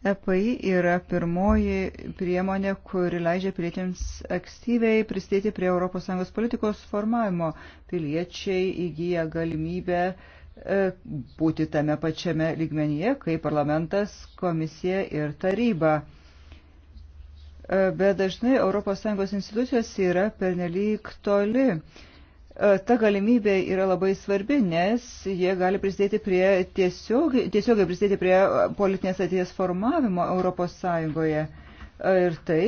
S1: EPI yra pirmoji priemonė, kuri leidžia piliečiams aktyviai prisidėti prie ES politikos formavimo. Piliečiai įgyja galimybę e, būti tame pačiame lygmenyje, kaip parlamentas, komisija ir taryba. E, bet dažnai ES institucijos yra pernelyg toli E, ta galimybė yra labai svarbi, nes jie gali prisidėti prie tiesiogiai, tiesiogiai prisidėti prie e, politinės ateities formavimo Europos Sąjungoje. E, ir tai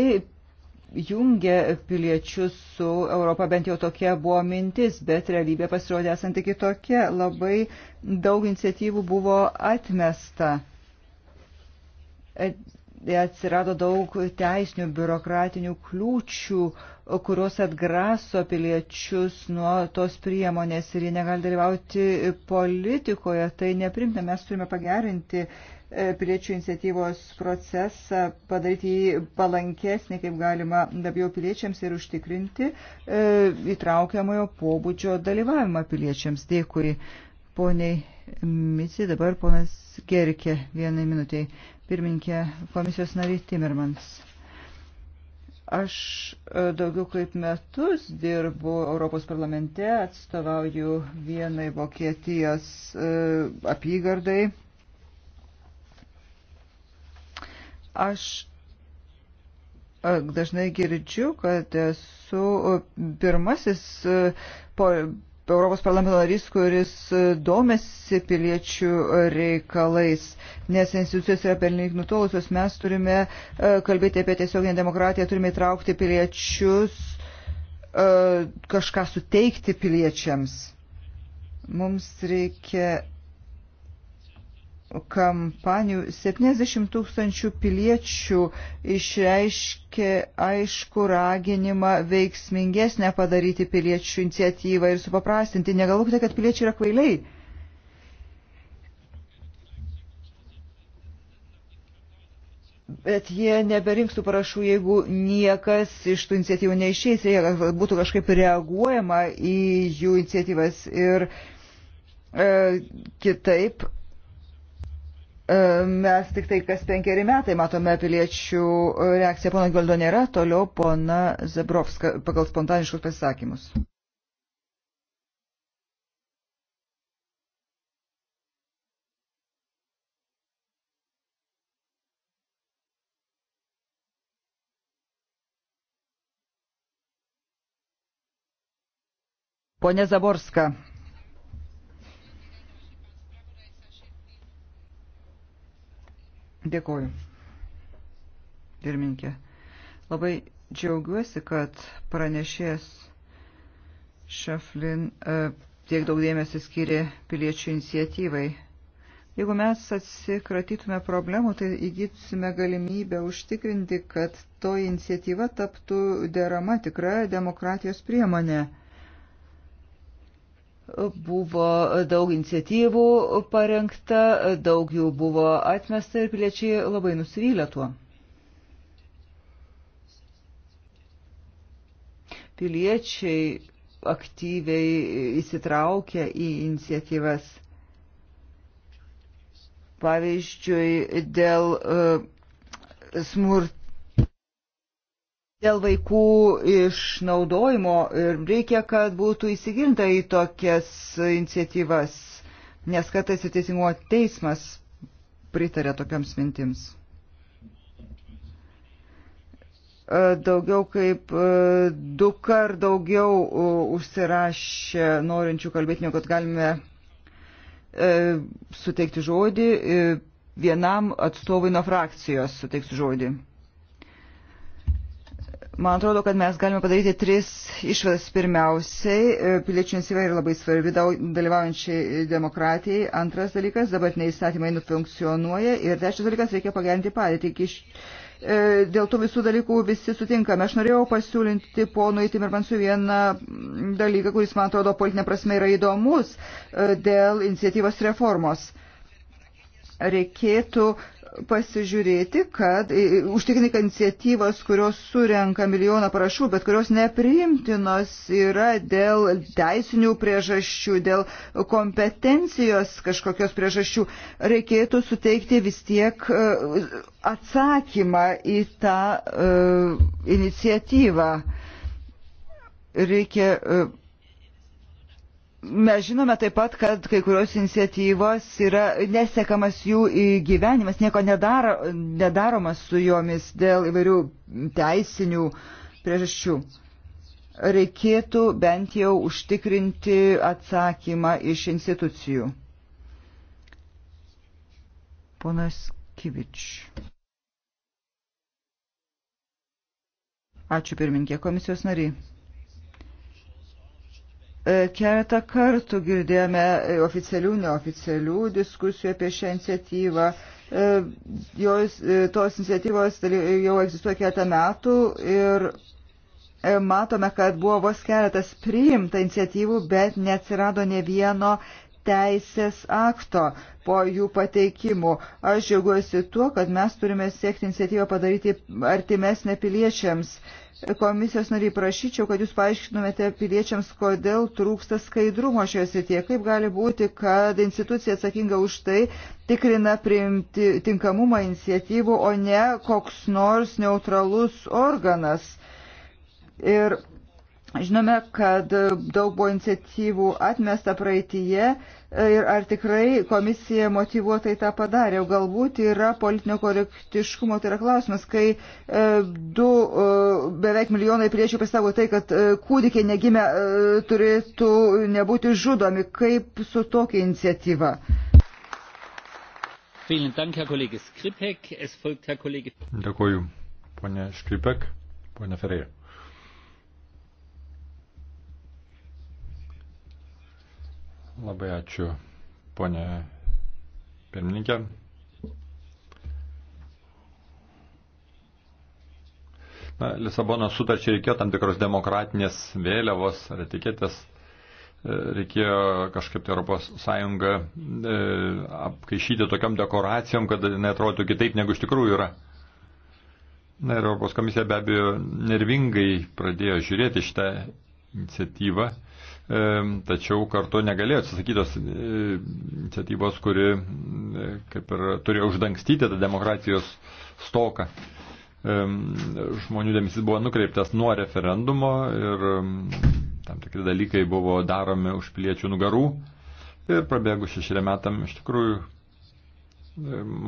S1: jungia piliečius su Europa, bent jau tokia buvo mintis, bet realybė pasirodė esanti kitokia. Labai daug iniciatyvų buvo atmesta. Atsirado daug teisinių, biurokratinių kliūčių kurios atgraso piliečius nuo tos priemonės ir jie negali dalyvauti politikoje. Tai neprimta, mes turime pagerinti e, piliečių iniciatyvos procesą, padaryti jį palankesnį, kaip galima labiau piliečiams ir užtikrinti e, įtraukiamojo pobūdžio dalyvavimą piliečiams. Dėkui, poniai Mici, dabar ponas Gerikė, vienai minutiai, pirminkė komisijos nariai Timirmans. Aš e, daugiau kaip metus dirbu Europos parlamente, atstovauju vienai Vokietijos e, apygardai. Aš e, dažnai girdžiu, kad esu pirmasis po Europos parlamento narys, kuris e, domėsi piliečių reikalais, nes institucijos yra pernelyg nutolusios, mes turime e, kalbėti apie tiesioginę demokratiją, turime įtraukti piliečius, e, kažką suteikti piliečiams. Mums reikia kampanijų 70 tūkstančių piliečių išreiškė aišku raginimą veiksmingesnę padaryti piliečių iniciatyvą ir supaprastinti. Negalvokite, kad piliečiai yra kvailiai. Bet jie neberinkstų parašų, jeigu niekas iš tų iniciatyvų neišeis, jie būtų kažkaip reaguojama į jų iniciatyvas ir e, kitaip mes tik tai kas penkeri metai matome piliečių reakciją. Pono Goldo nėra, toliau pona Zabrovska pagal spontaniškus pasisakymus. Pone Zaborska. Dėkoju. Pirminkė. Labai džiaugiuosi, kad pranešės Šaflin e, tiek daug dėmesio skiria piliečių iniciatyvai. Jeigu mes atsikratytume problemų, tai įgytume galimybę užtikrinti, kad to iniciatyva taptų derama tikra demokratijos priemonė. Buvo daug iniciatyvų parengta, daug jų buvo atmesta ir piliečiai labai nusivylę tuo. Piliečiai aktyviai įsitraukia į iniciatyvas. Pavyzdžiui, dėl e, smurt Dėl vaikų išnaudojimo reikia, kad būtų įsigilinta į tokias iniciatyvas, nes kartais ir teisingumo teismas pritarė tokiams mintims. E, daugiau kaip e, du kar daugiau e, užsirašė norinčių kalbėtinio, kad galime suteikti žodį vienam atstovui nuo frakcijos suteiksiu žodį. Man atrodo, kad mes galime padaryti tris išvadas. Pirmiausiai, e, piliečių iniciatyva yra labai svarbi dalyvaujančiai demokratijai. Antras dalykas, dabartiniai įstatymai nufunkcionuoja. Ir trečias dalykas, reikia pagerinti padėtį. Iš, e, dėl tų visų dalykų visi sutinkame. Aš norėjau pasiūlinti ponui Timirmansui vieną dalyką, kuris, man atrodo, politinė prasme yra įdomus e, dėl iniciatyvos reformos. Reikėtų e, pasižiūrėti, kad užtikrinti, kad iniciatyvos, kurios surenka milijoną parašų, bet kurios nepriimtinos yra dėl teisinių priežasčių, dėl kompetencijos kažkokios priežasčių, reikėtų suteikti vis tiek e, atsakymą į tą e, iniciatyvą. Reikia e, Mes žinome taip pat, kad kai kurios iniciatyvos yra nesekamas jų gyvenimas, nieko nedaro, nedaromas su jomis dėl įvairių teisinių priežasčių. Reikėtų bent jau užtikrinti atsakymą iš institucijų. Ponas Kivič. Ačiū pirminkė komisijos nariai. E, keletą kartų girdėjome e, oficialių, neoficialių diskusijų apie šią iniciatyvą. E, jos, tos iniciatyvos jau egzistuoja keletą metų ir matome, kad buvo vos keletas priimta iniciatyvų, bet neatsirado ne vieno teisės akto po jų pateikimų. Aš džiaugiuosi tuo, kad mes turime siekti iniciatyvą padaryti artimesnę piliečiams. Komisijos nariai prašyčiau, kad jūs paaiškinumėte piliečiams, kodėl trūksta skaidrumo šioje srityje. Kaip gali būti, kad institucija atsakinga už tai tikrina priimti tinkamumą iniciatyvų, o ne koks nors neutralus organas. Ir Žinome, kad daug buvo iniciatyvų atmesta praeitįje e, ir ar tikrai komisija motivuotai tą padarė, o galbūt yra politinio korektiškumo, tai yra klausimas, kai e, du e, beveik milijonai priešių pasisako tai, kad kūdikiai negimę turėtų nebūti žudomi, kaip su tokia iniciatyva.
S3: Dėkuoju, ponė Škripek, ponė Ferėja. Labai ačiū, ponė pirmininkė. Na, Lisabono sutarčiai reikėjo tam tikros demokratinės vėliavos ar etiketės. E, reikėjo kažkaip tai Europos Sąjungą e, apkaišyti tokiam dekoracijom, kad netrodytų kitaip, negu iš tikrųjų yra. Na ir Europos komisija be abejo nervingai pradėjo žiūrėti šitą iniciatyvą tačiau kartu negalėjo atsisakytos e, iniciatyvos, kuri e, kaip ir turėjo uždangstyti tą demokratijos stoką. Žmonių dėmesys buvo nukreiptas nuo referendumo ir tam tikri dalykai buvo daromi už piliečių nugarų. Ir prabėgus šešėlė metam iš tikrųjų e,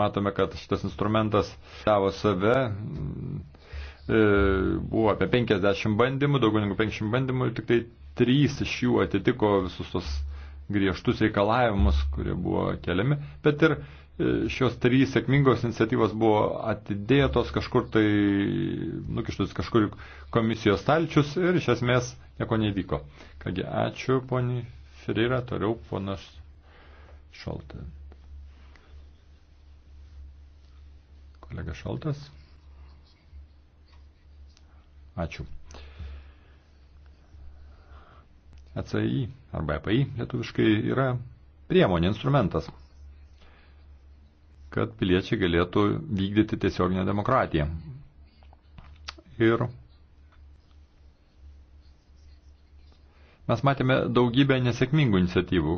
S3: matome, kad šitas instrumentas savo save E, buvo apie 50 bandymų, daugiau negu 50 bandymų, tik tai 3 iš jų atitiko visus tos griežtus reikalavimus, kurie buvo keliami, bet ir e, šios trys sėkmingos iniciatyvos buvo atidėtos kažkur tai, nukištus kažkur komisijos stalčius ir iš esmės nieko nevyko. Kągi, ačiū poniai Ferreira, toliau ponas Šaltas. Kolega Šaltas. Ačiū. ACI arba EPI lietuviškai yra priemonė, instrumentas, kad piliečiai galėtų vykdyti tiesioginę demokratiją. Ir mes matėme daugybę nesėkmingų iniciatyvų.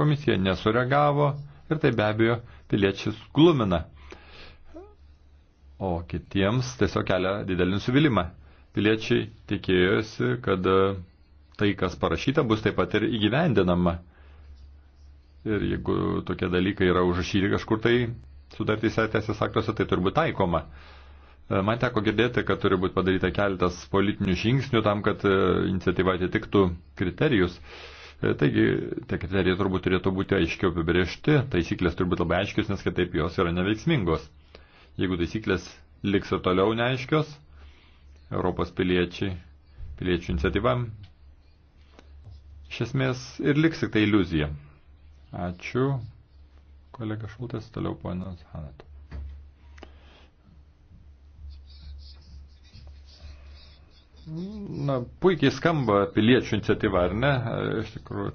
S3: Komisija nesureagavo ir tai be abejo piliečius glumina. O kitiems tiesiog kelia didelį nusivylimą. Piliečiai tikėjosi, kad e, tai, kas parašyta, bus taip pat ir įgyvendinama. Ir jeigu tokie dalykai yra užrašyti kažkur tai sudartyse teisės aktuose, tai turbūt taikoma. E, man teko girdėti, kad turi būti padaryta keletas politinių žingsnių tam, kad e, iniciatyva atitiktų kriterijus. Taigi, tie kriterijai turbūt turėtų būti aiškiau apibriežti, taisyklės turbūt labai aiškios, nes kitaip jos yra neveiksmingos. Jeigu taisyklės liks ir toliau neaiškios, Europos piliečiai, piliečių iniciatyva, iš esmės ir liks tik tai iliuzija. Ačiū, kolega Šultas, toliau ponas Hanatų. Na, puikiai skamba piliečių iniciatyva, ar ne? Iš tikrųjų,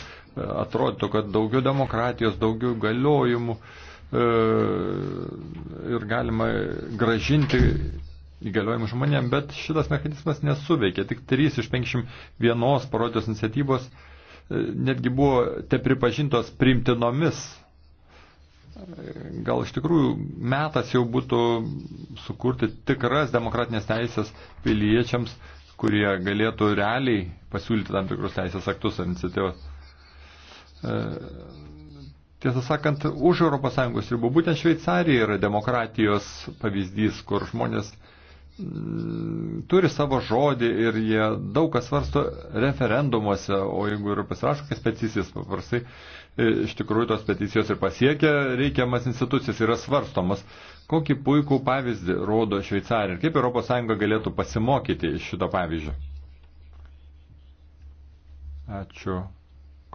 S3: atrodytų, kad daugiau demokratijos, daugiau galiojimų e, ir galima gražinti įgaliojimų žmonėm, bet šitas mechanizmas nesuveikė. Tik 3 iš 501 parodijos iniciatyvos e, netgi buvo te pripažintos primtinomis. Gal iš tikrųjų metas jau būtų sukurti tikras demokratinės teisės piliečiams, kurie galėtų realiai pasiūlyti tam tikrus teisės aktus ar iniciatyvas. E, tiesą sakant, už ES ribų būtent Šveicarija yra demokratijos pavyzdys, kur žmonės Mm, turi savo žodį ir jie daug kas svarsto referendumuose, o jeigu ir pasirašo kas peticijas, paprastai e, iš tikrųjų tos peticijos ir pasiekia reikiamas institucijas, yra svarstomas. Kokį puikų pavyzdį rodo Šveicarija ir kaip ES galėtų pasimokyti iš šito pavyzdžio? Ačiū,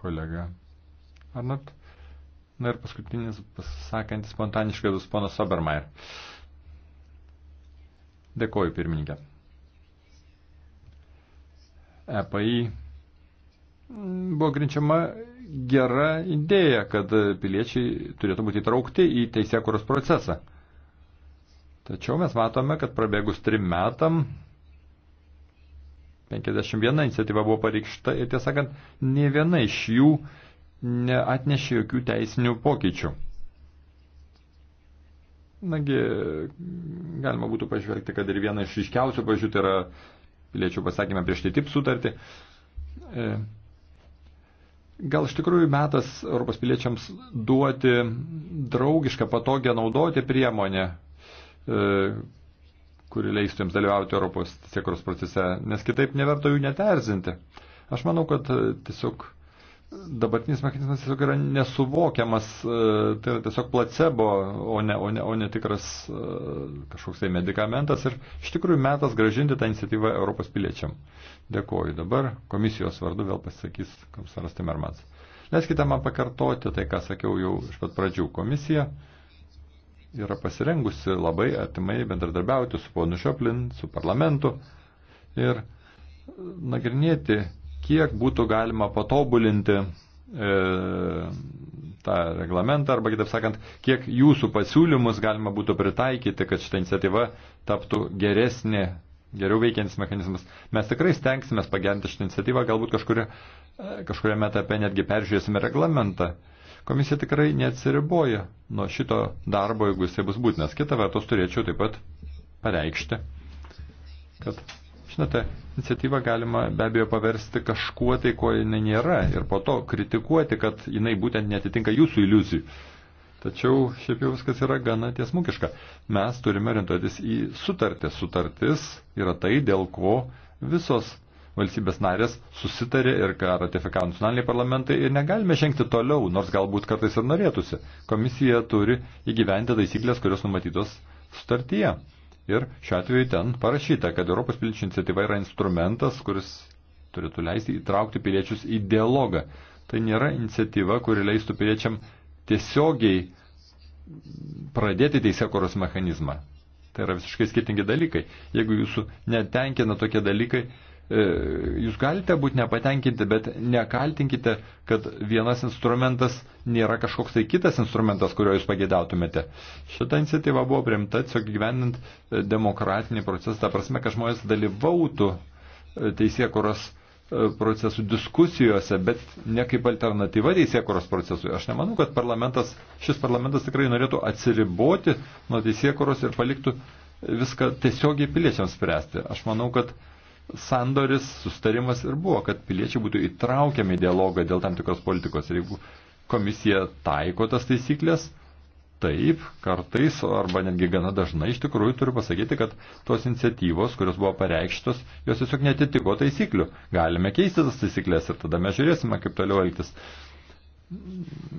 S3: kolega. Arnat? Na ir paskutinis pasakantis spontaniškai bus ponas Sobermaier. Uh, Dėkoju, pirmininkė. EPI buvo grinčiama gera idėja, kad piliečiai turėtų būti įtraukti į teisėkuros procesą. Tačiau mes matome, kad prabėgus trim metam 51 iniciatyva buvo pareikšta ir tiesą sakant, ne viena iš jų neatnešė jokių teisinių pokyčių. Nagi, galima būtų pažvelgti, kad ir viena iš iškiausių pažiūrėtų tai yra piliečių pasakymą prieš TTIP sutartį. E, gal iš tikrųjų metas Europos piliečiams duoti draugišką, patogią naudoti priemonę, e, kuri leistų jiems dalyvauti Europos sėkros procese, nes kitaip neverta jų neterzinti. Aš manau, kad e, tiesiog dabartinis mechanizmas tiesiog yra nesuvokiamas, e, tai yra tiesiog placebo, o ne, o ne, o ne tikras e, kažkoks tai medikamentas ir iš tikrųjų metas gražinti tą iniciatyvą Europos piliečiam. Dėkuoju. Dabar komisijos vardu vėl pasakys komisaras Timermans. Leiskite man pakartoti tai, ką sakiau jau iš pat pradžių. Komisija yra pasirengusi labai atimai bendradarbiauti su ponu Šioplin, su parlamentu ir nagrinėti kiek būtų galima patobulinti e, tą reglamentą, arba kitaip sakant, kiek jūsų pasiūlymus galima būtų pritaikyti, kad šitą iniciatyvą taptų geresnė, geriau veikiantis mechanizmas. Mes tikrai stengsime pagerinti šitą iniciatyvą, galbūt kažkuria, e, kažkuriame etape netgi peržiūrėsime reglamentą. Komisija tikrai neatsiriboja nuo šito darbo, jeigu jisai bus būtinas. Kita vertus turėčiau taip pat pareikšti, kad Žinote, iniciatyvą galima be abejo paversti kažkuo tai, ko jinai nėra ir po to kritikuoti, kad jinai būtent netitinka jūsų iliuzijų. Tačiau šiaip jau viskas yra gana tiesmukiška. Mes turime orientuotis į sutartį. Sutartis yra tai, dėl ko visos valstybės narės susitarė ir ką ratifikavo nacionaliniai parlamentai ir negalime žengti toliau, nors galbūt kartais ir norėtųsi. Komisija turi įgyventi taisyklės, kurios numatytos sutartyje. Ir šiuo atveju ten parašyta, kad Europos piliečių iniciatyva yra instrumentas, kuris turėtų leisti įtraukti piliečius į dialogą. Tai nėra iniciatyva, kuri leistų piliečiam tiesiogiai pradėti teisėkoros mechanizmą. Tai yra visiškai skirtingi dalykai. Jeigu jūsų netenkina tokie dalykai, E, jūs galite būti nepatenkinti, bet nekaltinkite, kad vienas instrumentas nėra kažkoks tai kitas instrumentas, kurio jūs pagėdautumėte. Šita iniciatyva buvo priimta tiesiog gyvenant e, demokratinį procesą, ta prasme, kad žmonės dalyvautų e, teisėkuros procesų diskusijose, bet ne kaip alternatyva teisėkuros procesui. Aš nemanau, kad parlamentas, šis parlamentas tikrai norėtų atsiriboti nuo teisėkuros ir paliktų viską tiesiogiai piliečiams spręsti. Aš manau, kad uh, sandoris, sustarimas ir buvo, kad piliečiai būtų įtraukiami į dialogą dėl tam tikros politikos. Ir jeigu komisija taiko tas taisyklės, taip, kartais arba netgi gana dažnai iš tikrųjų turiu pasakyti, kad tos iniciatyvos, kurios buvo pareikštos, jos tiesiog netitiko taisyklių. Galime keisti tas taisyklės ir tada mes žiūrėsime, kaip toliau elgtis.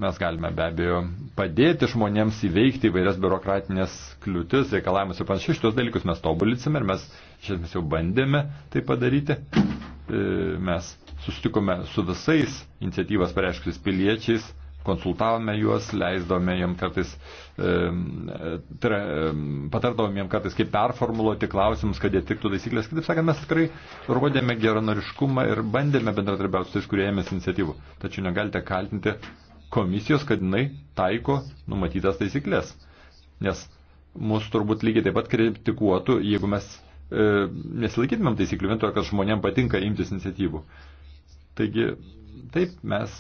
S3: Mes galime be abejo padėti žmonėms įveikti įvairias biurokratinės kliūtis, reikalavimus ir panašiai. Šitos dalykus mes tobulinsime ir mes iš esmės jau bandėme tai padaryti. E, mes sustikome su visais iniciatyvas pareiškusiais piliečiais konsultavome juos, leisdome jiem kartais, tra, patardavome jiem kartais, kaip performuluoti klausimus, kad jie tiktų taisyklės. Kitaip sakant, mes tikrai rodėme geranoriškumą ir bandėme bendradarbiauti su tais, kurie ėmėsi iniciatyvų. Tačiau negalite kaltinti komisijos, kad jinai taiko numatytas taisyklės. Nes mūsų turbūt lygiai taip pat kritikuotų, jeigu mes e, nesilaikytumėm taisyklių, vien to, kad žmonėm patinka imtis iniciatyvų. Taigi, taip mes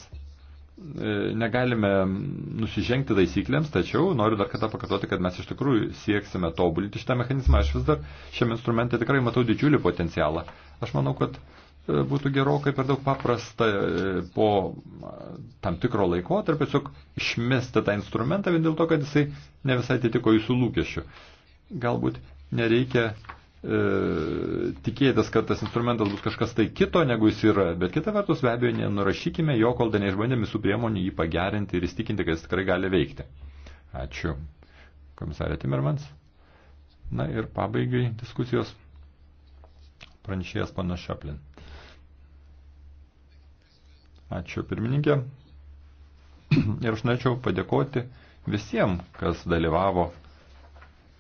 S3: E, negalime nusižengti taisyklėms, tačiau noriu dar kartą pakartoti, kad mes iš tikrųjų sieksime tobulinti šitą mechanizmą. Aš vis dar šiame instrumente tikrai matau didžiulį potencialą. Aš manau, kad e, būtų gerokai per daug paprasta e, po tam tikro laiko tarp tiesiog išmesti tą instrumentą vien dėl to, kad jisai ne visai atitiko jūsų lūkesčių. Galbūt nereikia E, tikėtis, kad tas instrumentas bus kažkas tai kito, negu jis yra. Bet kita vertus, be abejo, nenurašykime jo, kol dar neišbandėme visų priemonių jį pagerinti ir įstikinti, kad jis tikrai gali veikti. Ačiū. Komisarė Timermans. Na ir pabaigai diskusijos pranešėjas pana Šaplin. Ačiū pirmininkė. <clears throat> Ir aš norėčiau padėkoti visiems, kas dalyvavo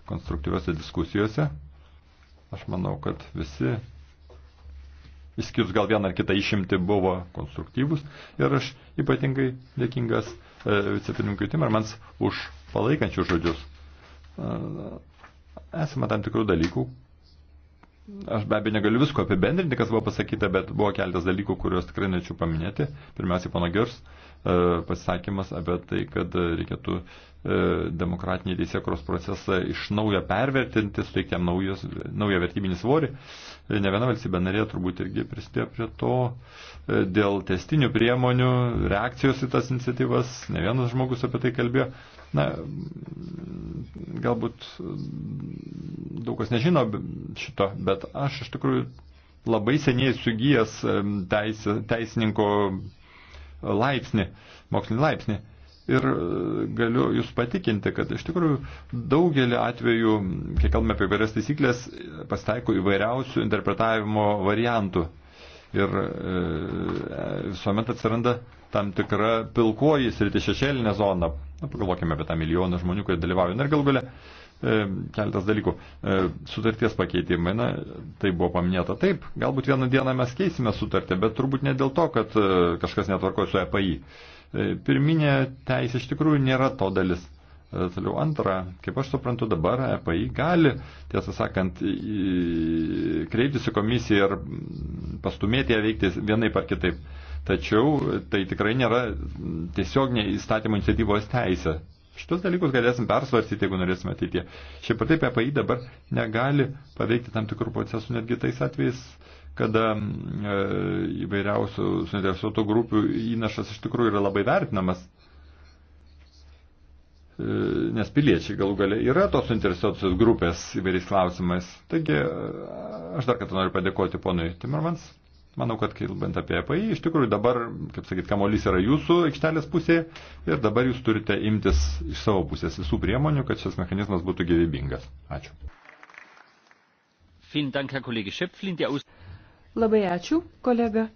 S3: konstruktyviuose diskusijose. Aš manau, kad visi, išskyrus gal vieną ar kitą išimti, buvo konstruktyvus. Ir aš ypatingai dėkingas e, vicepirmininkui Timermans už palaikančius žodžius. E, esame tam tikrų dalykų. Aš be abejo negaliu visko apibendrinti, kas buvo pasakyta, bet buvo keletas dalykų, kuriuos tikrai norėčiau paminėti. Pirmiausiai, pana Girs. E, E, pasakymas apie tai, kad reikėtų e, demokratinį teisėkros procesą iš naujo pervertinti, suteikti jam naujos, naują vertybinį svorį. E, ne viena valstybė narė turbūt irgi prisidėjo prie to dėl testinių priemonių, reakcijos į tas iniciatyvas, ne vienas žmogus apie tai kalbėjo. Na, galbūt daug kas nežino šito, bet aš iš tikrųjų labai seniai sugijęs teis, teisininko laipsnį, mokslinį laipsnį. Ir e, galiu Jūs patikinti, kad iš tikrųjų daugelį atvejų, kai kalbame apie įvairias taisyklės, pasitaiko įvairiausių interpretavimo variantų. Ir e, visuomet atsiranda tam tikra pilkoji sritis šešėlinė zona. Na, pagalvokime apie tą milijoną žmonių, kurie dalyvauja. Na ir gal galia E, keletas dalykų. E, sutarties pakeitimai, na, tai buvo paminėta taip, galbūt vieną dieną mes keisime sutartę, bet turbūt ne dėl to, kad e, kažkas netvarko su EPI. Pirminė teisė iš tikrųjų nėra to dalis. Toliau antra, kaip aš suprantu dabar, EPI gali, tiesą sakant, kreiptis į komisiją ir pastumėti ją veikti vienaip ar kitaip. Tačiau tai tikrai nėra tiesioginė įstatymo iniciatyvos teisė. Šitus dalykus galėsim persvarstyti, jeigu norėsime ateitie. Šiaip ar taip, EPI dabar negali paveikti tam tikrų procesų netgi tais atvejais, kada mm, e, įvairiausių suinteresuotų grupių įnašas iš tikrųjų yra labai vertinamas. E, nes piliečiai galų gale yra tos suinteresuotos grupės įvairiais klausimais. Taigi, e, aš dar kartą noriu padėkoti ponui Timmermans Manau, kad kalbant apie EPI, iš tikrųjų dabar, kaip sakyt, kamolys yra jūsų aikštelės pusėje ir dabar jūs turite imtis iš savo pusės visų priemonių, kad šis mechanizmas būtų gyvybingas. Ačiū.
S2: Labai ačiū, kolega.